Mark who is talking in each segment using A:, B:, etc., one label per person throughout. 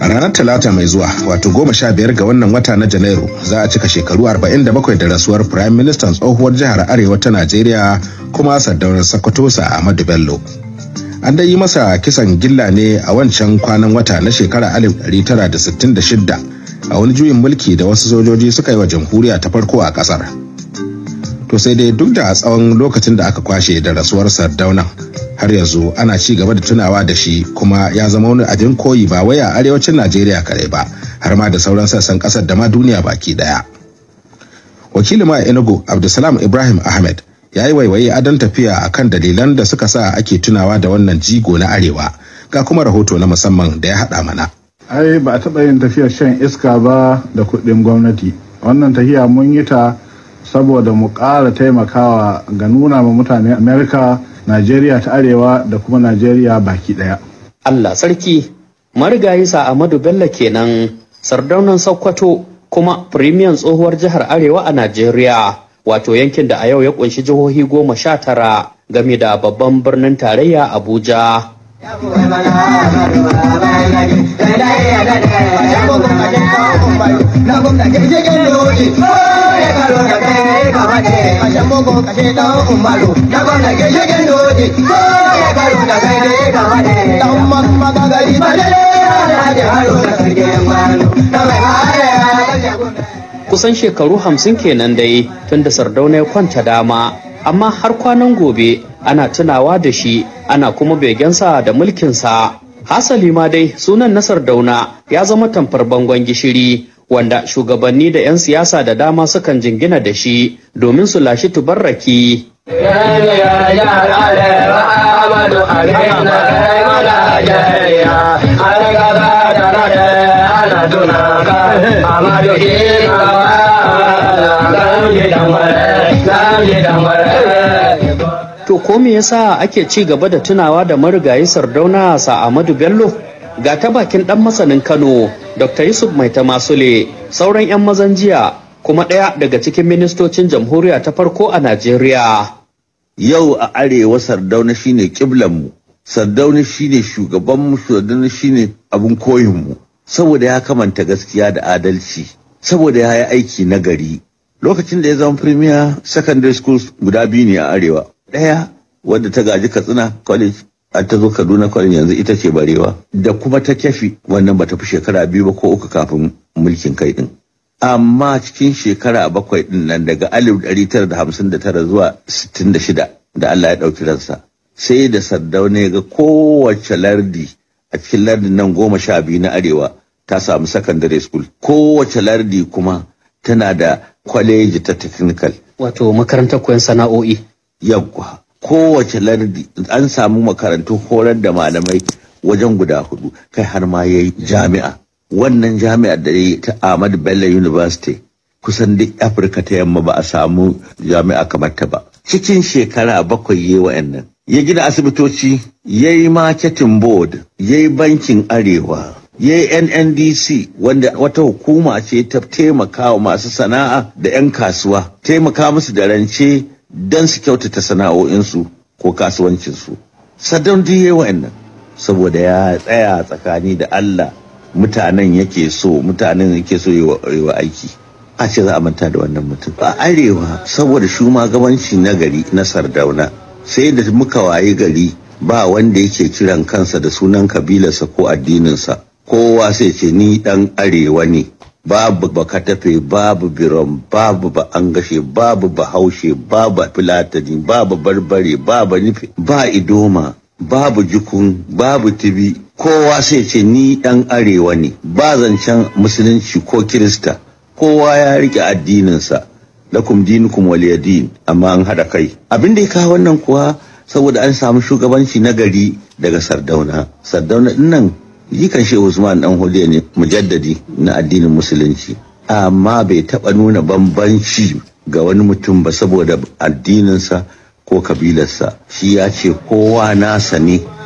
A: a ranar talata mai zuwa wato goma sha biyar ga wannan wata na janairu za a cika shekaru arba'in da bakwai da rasuwar prime minister tsohuwar jihar arewa ta najeriya kuma sardaunar sakwatosa ahmadu bello an dai yi masa kisan gilla ne a wancan kwanan wata na shekara shidda a wani juyin mulki da wasu sojoji suka yi wa jamhuriya ta farko a kasar to sai dai duk da tsawon lokacin da aka kwashe da rasuwar sardaunan har yanzu ana ci gaba da tunawa da shi kuma ya zama wani abin koyi ba waya a arewacin najeriya kare ba har ma da sauran sassan kasar da ma duniya baki daya wakilin ma enugu abdulsalam ibrahim ahmed ya yi waiwaye adon tafiya akan dalilan da suka sa ake tunawa da wannan jigo na arewa ga kuma rahoto na musamman da ya haɗa mana ai ba a taɓa yin tafiyar shan iska ba da kuɗin gwamnati wannan tafiya mun yi ta saboda mu ƙara taimakawa ga nuna ma mutane amerika Najeriya ta Arewa da kuma Najeriya baki ɗaya. Allah sarki
B: marigayi Ahmadu Bello kenan sardaunan Sokoto kuma firimiyan tsohuwar jihar Arewa a Najeriya wato yankin da a yau ya ƙunshi jihohi goma sha tara game da babban birnin tarayya Abuja. Kusan shekaru hamsin kenan dai tun da Sardauna ya kwanta dama amma har kwanan gobe ana tunawa da shi ana kuma begensa da mulkinsa hasali ma dai sunan nasar dauna ya zama tamfar bangon gishiri wanda shugabanni da 'yan siyasa da dama sukan jingina da shi domin su lashi tubarraki Amadu To ko me yasa ake ci gaba da tunawa da marigayi Sardauna Sa'amadu Bello? Ga ta bakin dan masanin Kano, Dr. Yusuf Maita Masule, sauran 'yan mazan jiya kuma ɗaya daga cikin ministocin jamhuriya ta farko a Najeriya.
A: Yau a arewa Sardauna shine mu Sardauna shine shugabanmu, Sardauna shine abin koyinmu. Saboda ya kamanta gaskiya da adalci, saboda ya yi aiki na gari. Lokacin da ya zama premier secondary school" guda biyu ne a arewa, ɗaya wanda ta gaji katsina college an ta zo kaduna college yanzu ita ce barewa da kuma ta kyafi wannan bata fi shekara biyu ba ko uku kafin mulkin kai din amma cikin shekara bakwai din nan daga alif ɗari tara da hamsin da tara zuwa sittin da shida da Allah ya ɗauki ransa sai da sardaune ga kowace lardi a cikin lardin nan goma sha biyu na arewa ta samu secondary school kowace lardi kuma tana da kwaleji ta technical wato makarantar koyon sana'o'i yawwa kowace lardi an samu makarantun horar da malamai wajen guda hudu kai har ma yayi jami'a wannan jami'ar da yi ta Ahmad Bello University kusan duk Afirka ta yamma ba a samu jami'a kamar ta ba cikin shekara bakwai yayi wa'annan ya gina asibitoci Ya yayi marketing board yi bankin arewa ya yi nndc wanda wata hukuma ce ta taimaka wa masu sana'a da 'yan kasuwa taimaka musu da rance don su kyautata sana'o'insu ko kasuwancinsu saddam duk yayi wa'annan saboda ya tsaya tsakani da Allah mutanen yake so mutanen yake so yi wa aiki a ce za a manta da wannan mutum a arewa saboda shugabanci na gari na sardauna sai da muka wayi gari ba wanda yake kiran kansa da sunan kabilarsa ko addininsa kowa sai ce ni dan arewa ne babu bakatafe babu biron babu ba an gashe babu bahaushe babu filatani babu barbare babu nufi ba idoma babu jukun babu tibi kowa sai ce ni dan arewa ne ba zancen musulunci ko kirista kowa ya rike addininsa lakum dinukum waliyadin amma an hada kai abin da ya kawo wannan kuwa saboda an samu shugabanci na gari daga sardauna sardauna dinnan jikan shehu usman dan hudiya ne mujaddadi na addinin musulunci amma bai taba nuna bambanci ga wani mutum ba saboda addininsa ko kabilarsa shi ya ce kowa nasa ne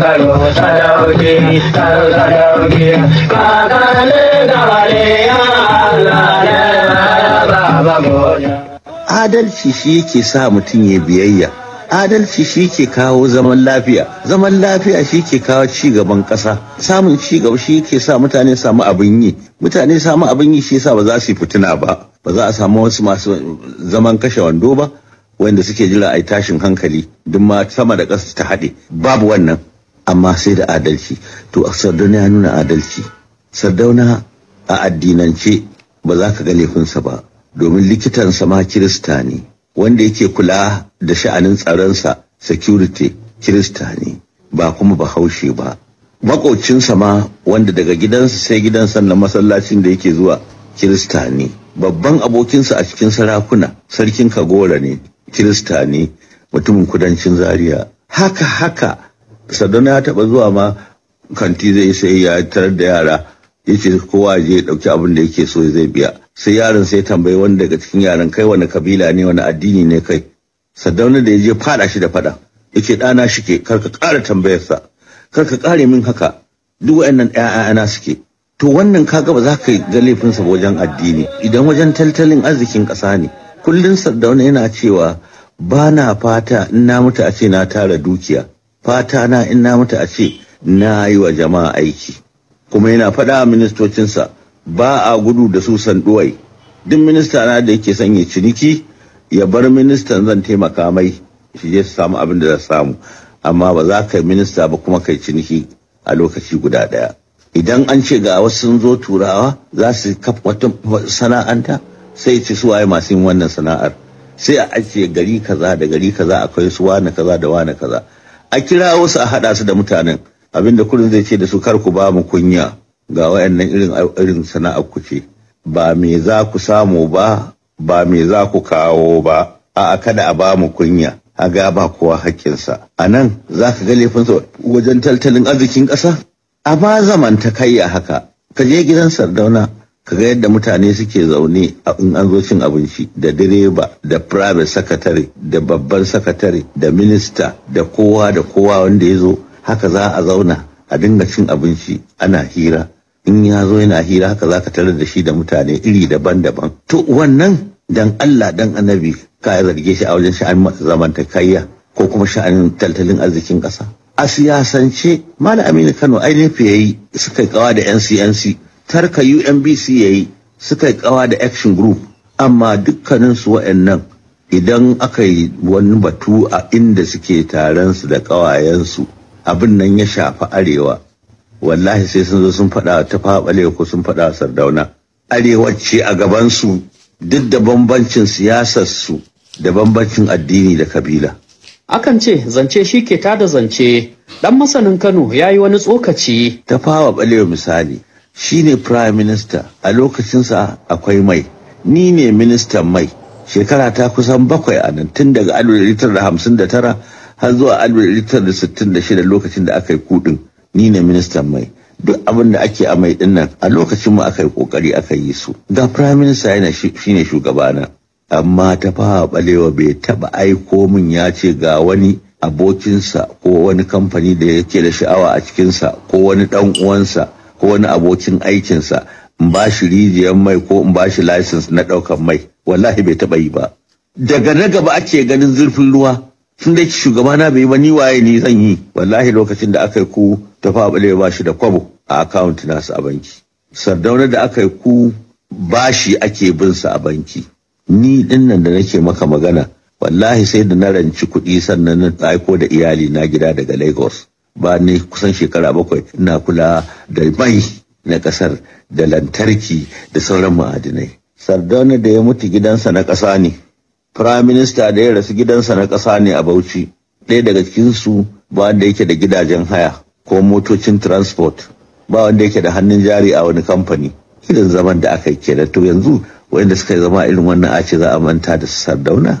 A: baba Adalci shi yake sa mutum ya biyayya. Adalci shi ke kawo zaman lafiya, zaman lafiya shi ke kawo ci gaban ƙasa, samun ci shi ke sa mutane samu abin yi, mutane samu abin yi shi sa ba za su yi fitina ba, ba za a samu wasu masu zaman kashe wando ba, wanda suke jira a tashin hankali duk ma sama da ƙasa ta haɗe babu wannan amma sai da adalci to a sardauna ya nuna adalci sardauna a addinance ba za ka ga laifinsa ba domin likitansa ma kirista ne wanda yake kula da sha'anin tsaronsa security kirista ne ba kuma bahaushe ba makocinsa ma wanda daga gidansa sai gidan sannan masallacin da yake zuwa kirista ne babban abokinsa a cikin sarakuna sarkin kagora ne kirista ne mutumin kudancin zaria haka haka saddam ya taba zuwa ma kanti zai yi sai ya tarar da yara ya ce kowa je ya ɗauki abin da yake so zai biya sai yaron sai tambayi wani daga cikin yaran kai wani kabila ne wani addini ne kai saddauna da ya je fada shi da fada ya ce ɗana shi ke karka ƙara tambayarsa karka ƙare min haka duk wa'annan na suke to wannan kaga ba za ka ga laifinsa wajen addini idan wajen tattalin arzikin ƙasa ne kullum saddauna yana cewa bana fata in na mutu a ce na tara dukiya fata na in na mutu a ce na yi wa jama'a aiki kuma yana faɗa a ministocinsa ba a gudu da su sanduwai duk minista na da yake sanya ciniki ya bar ministan zan taimaka mai shi je su samu abin da za samu amma ba za ka yi minista ba kuma kai ciniki a lokaci guda ɗaya idan an ce ga wasu sun zo turawa za su kafa sana'anta sai ci su waye masu yin wannan sana'ar sai a ajiye gari kaza da gari kaza akwai su wani kaza da wani kaza a kirawo su a haɗa su da mutanen abinda kurin zai ce da su kar ku ba mu kunya ga wayannan irin irin sana'ar ku ce ba me za ku samu ba ba me za ku kawo ba a kada a ba mu kunya a ga ba kowa hakkinsa a nan za ka ga laifinsa wajen tattalin arzikin ƙasa a ba zamantakayya haka ka je gidan sardauna kaga yadda mutane suke zaune a in an zo cin abinci da direba da private secretary da babban secretary da minista da kowa da kowa wanda ya zo haka za a zauna a dinga cin abinci ana hira in ya zo yana hira haka za ka tarar da shi da mutane iri daban-daban to wannan dan Allah dan annabi ka zarge shi a wajen sha'anin zamantakayya ko kuma sha'anin tattalin arzikin kasa a siyasance malam aminu kano ainihin fiye yi suka kawa da NCNC. tarka UNBC ya yi suka yi kawa da action group amma dukkaninsu waɗannan idan aka yi wani batu a inda suke taronsu da ƙawayensu abin nan ya shafi arewa wallahi sai sun zo sun faɗa ta fabale ko sun faɗa sardauna arewa ce a su duk da bambancin siyasar su da bambancin addini da kabila
B: akan ce zance shi ke da zance dan masanin kano ya yi wani
A: tsokaci ta fawa ɓalewa misali shine prime minister a lokacinsa akwai mai ni ne ministan mai shekara ta kusan bakwai a nan tun daga 1959 har zuwa 1966 lokacin da aka yi kudin ni ne ministan mai duk abin da ake a mai dinnan a lokacin mu aka yi kokari aka yi su ga prime minister yana shine shugabana amma ta fawa balewa bai taba aiko min ya ce ga wani abokinsa ko wani kamfani da yake da sha'awa a cikinsa ko wani dan uwansa ko wani abokin aikinsa in ba shi rijiyar mai ko in ba shi license na ɗaukar mai wallahi bai taɓa yi ba daga na gaba ake ganin zurfin ruwa tun da shugabana bai yi ba ni waye ni zan yi wallahi lokacin da aka yi ku tafa ɓalewa ba shi da kwabo a account nasu a banki sardauna da aka yi ku bashi ake bin sa a banki ni dinnan da nake maka magana wallahi sai da na ranci kuɗi sannan na aiko da iyali na gida daga Lagos ba ni kusan shekara bakwai ina kula da mai na kasar da lantarki da sauran ma'adinai sardauna da ya mutu gidansa na ƙasa ne prime minister da ya rasu gidansa na ƙasa ne a bauchi ɗaya daga cikinsu ba wanda yake da gidajen haya ko motocin transport ba wanda yake da hannun jari a wani kamfani irin zaman da aka yi kenan to yanzu wanda suka zama irin wannan a za a manta da sardauna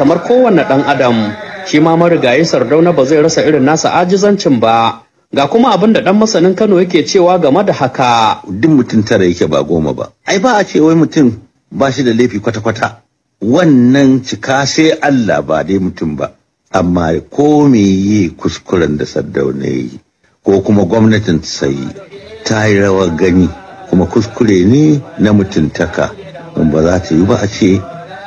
B: kamar kowanne ɗan adam shi ma marigayi sardauna ba zai rasa irin nasa ajizancin ba ga kuma abin da ɗan masanin kano yake cewa game da haka duk mutum tara yake ba goma ba
A: ai ba a ce wai mutum ba shi da laifi kwata-kwata wannan cika sai Allah ba dai mutum ba amma ko me yi kuskuren da sardauna yi ko kuma gwamnatin sai ta yi rawar gani kuma kuskure ne na mutuntaka in ba za ta yi ba a ce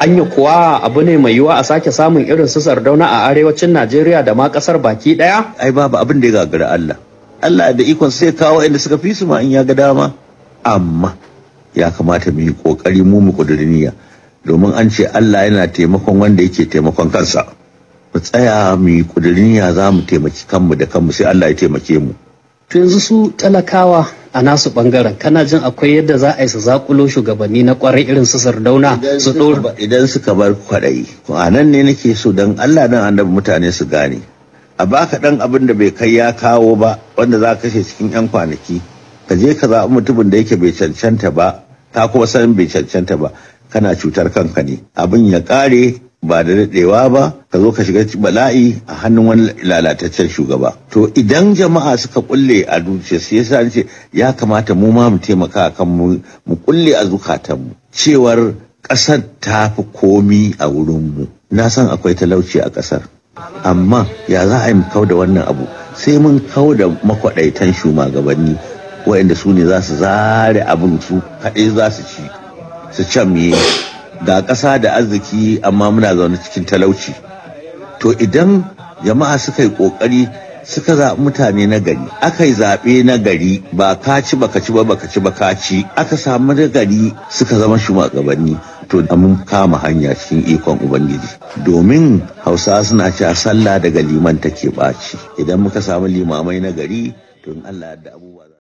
B: anya kuwa abu ne mai yiwa a sake samun irin su sardauna a arewacin najeriya da ma
A: kasar baki daya ai babu abin da ya gagara allah allah da ikon sai kawo inda suka fi su ma in ya ga dama amma ya kamata mu yi kokari mu mu kudurin domin an ce allah yana taimakon wanda yake taimakon kansa mu tsaya mu yi kudurin za mu taimaki kanmu da kanmu sai allah ya taimake mu
B: to yanzu su talakawa a nasu bangaren kana jin akwai yadda za a yi su zakulo shugabanni na kwarai irin su sardauna su
A: idan suka bar kwaɗayi a nan ne nake so dan allah dan annabi mutane su gane a baka ɗan abin da bai kai ya kawo ba wanda za ka kashe cikin yan kwanaki ka je ka zaɓi mutumin da yake bai cancanta ba ka kuma san bai cancanta ba kana cutar kanka ne abin ya kare. ba da daɗewa ba ka zo ka shiga bala'i a hannun wani lalataccen shugaba to idan jama'a suka kulle a zuciya sai yasa ce ya kamata mu ma mu taimaka kan mu mu kulle a zukatanmu cewar ƙasar ta fi komi a wurinmu na san akwai talauci a ƙasar amma ya za a yi kau da wannan abu sai mun kau da makwaɗaitan shugabanni waɗanda su ne za su zare abin su kaɗai za su ci su can ga ƙasa da arziki amma muna zaune cikin talauci to idan jama'a suka yi ƙoƙari suka zaɓi mutane na gari aka yi zaɓe na gari ba ka ci ba ka ci ba ka ci ba ka ci aka samu na gari suka zama shugabanni to mun kama hanya cikin ikon ubangiji domin hausa suna a sallah daga liman take ɓaci idan muka samu limamai na gari to in allah da abubuwa